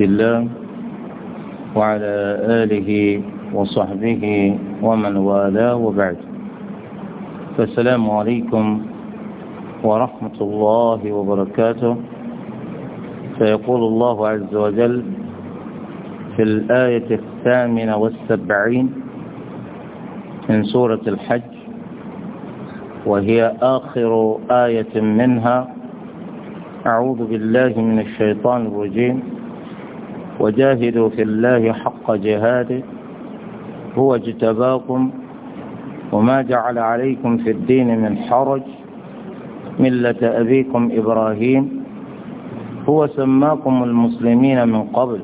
الله وعلى آله وصحبه ومن والاه وبعد فالسلام عليكم ورحمة الله وبركاته فيقول الله عز وجل في الآية الثامنة والسبعين من سورة الحج وهي آخر آية منها أعوذ بالله من الشيطان الرجيم وجاهدوا في الله حق جهاده هو اجتباكم وما جعل عليكم في الدين من حرج ملة أبيكم إبراهيم هو سماكم المسلمين من قبل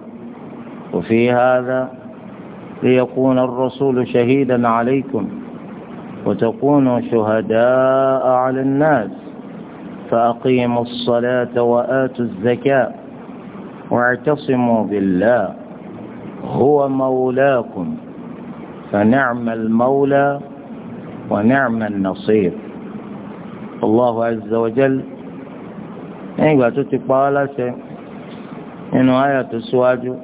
وفي هذا ليكون الرسول شهيدا عليكم وتكونوا شهداء على الناس فأقيموا الصلاة وآتوا الزكاة واعتصموا بالله هو مولاكم فنعم المولى ونعم النصير الله عز وجل ايوا تتقبل شيء انه ايه تسواجو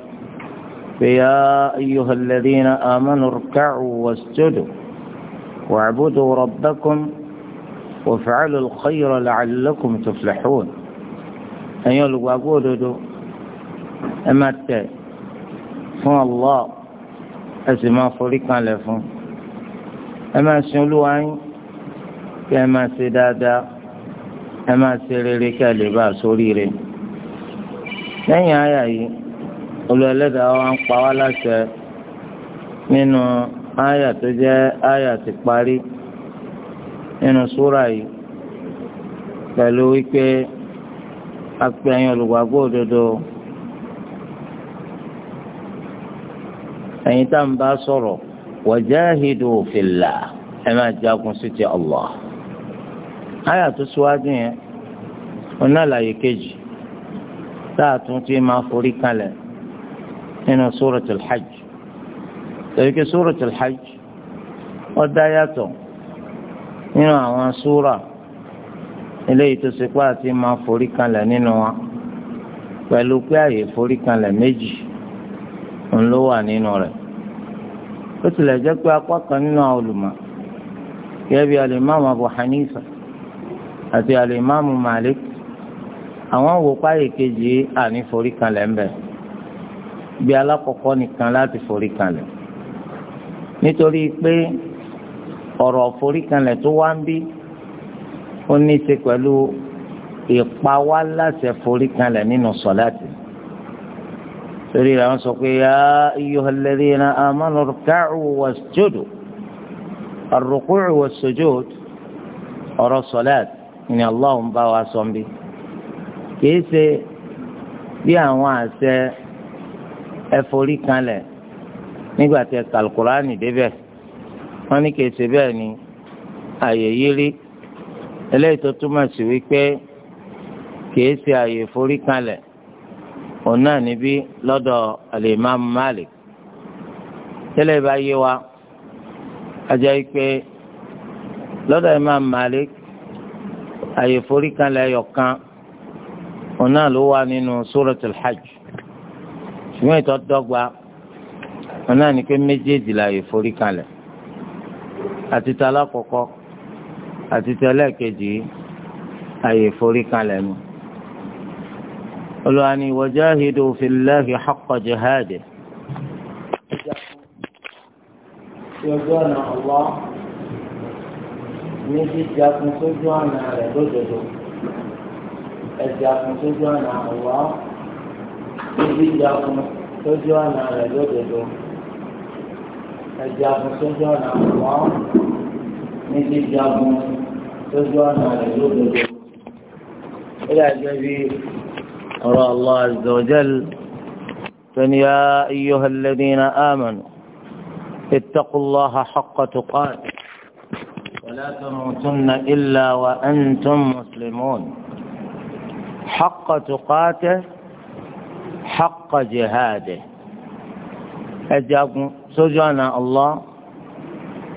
يا ايها الذين امنوا اركعوا واسجدوا واعبدوا ربكم وافعلوا الخير لعلكم تفلحون ايوا لو ẹ máa tẹ̀ fún Allah ẹ sì máa forí kanlẹ̀ fún ẹ máa sin olúwa yín kí ẹ máa ṣe dáadáa ẹ máa ṣe rere kí ẹ lè bá a sórí rẹ̀ lẹ́yìn àyà yìí olùẹlẹ́dàá wa ń pa wá láṣẹ nínú àyà tó jẹ́ àyà ti parí nínú súrà yìí pẹ̀lú wípé apẹ̀yìn olùgbàgbọ́ òdodo. ẹ̀yin tá n bá sọ̀rọ̀ wajahidu fillah ẹ máa jagun sí ti Allah àyà tó síwájú yẹn onálàyé kejì táàtún tí máa forí kalẹ̀ nínú suratul hajj torí pé suratul hajj ó dá yàtọ̀ nínú àwọn súra eléyìí tó ṣe pé àti máa forí kalẹ̀ nínú wa pẹ̀lú pé àyè forí kalẹ̀ méjì ń ló wà nínú rẹ̀ ó tilẹ̀ jẹ́ pé apá kan nínú àwọn olùmọ̀ gẹ́gẹ́ bí alimami Abu Hanifa àti alimami Malik àwọn wò páyè kejì àní forí kanlẹ̀ ń bẹ bí alákọ̀ọ́kọ́ nìkan láti forí kanlẹ̀ nítorí pé ọ̀rọ̀ forí kanlẹ̀ tó wá ń bí ó ní í ṣe pẹ̀lú ìpawá láṣẹ forí kanlẹ̀ nínú sọ̀láàtì. torí àwọn sọ pé ya ayyuhalladhina na ruka'u wasjudu ar-ruku'u was-sujud ọ̀rọ̀ sọ̀láàt ni Allah ń bá wa sọ bí kìí ṣe bí àwọn àṣẹ ẹforí kanlẹ̀ nígbà tí kàlùkùránì débẹ̀ wọ́n ní kìí ṣe bẹ́ẹ̀ ni àyè yírí eléyìí tó túmọ̀ sí wípé kìí ṣe àyè forí kanlẹ̀ ona nibi lodo alimam malik tele ba yi wa aje ipe lodo imam malik aye fori kan le yo kan ona lo wa ninu suratul hajj shimo to dogba ona ni pe mejeji la aye fori kan le ati tala ati tele keji aye olùwàní wajahidu fillahi haqqa jihadihi. ojú ọ̀nà ọ̀wọ́ ní jíjà fún sójú ọ̀nà rẹ̀ lódodo ẹ̀jà fún sójú ọ̀nà ọ̀wọ́ ní jíjà fún sójú ọ̀nà rẹ̀ lódodo ẹ̀jà fún sójú ọ̀nà ọ̀wọ́ ní jíjà fún sójú ọ̀nà rẹ̀ lódodo. ó dàgbẹ́ bíi. قرأ الله عز وجل يا أيها الذين آمنوا اتقوا الله حق تقاته ولا تموتن إلا وأنتم مسلمون حق تقاته حق جهاده أجاكم سجانا الله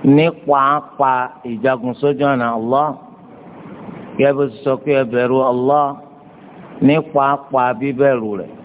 نقوى أقوى إجاكم سجانا الله يبسوك يبرو الله ní pàápàá bíbẹ̀rù rẹ̀.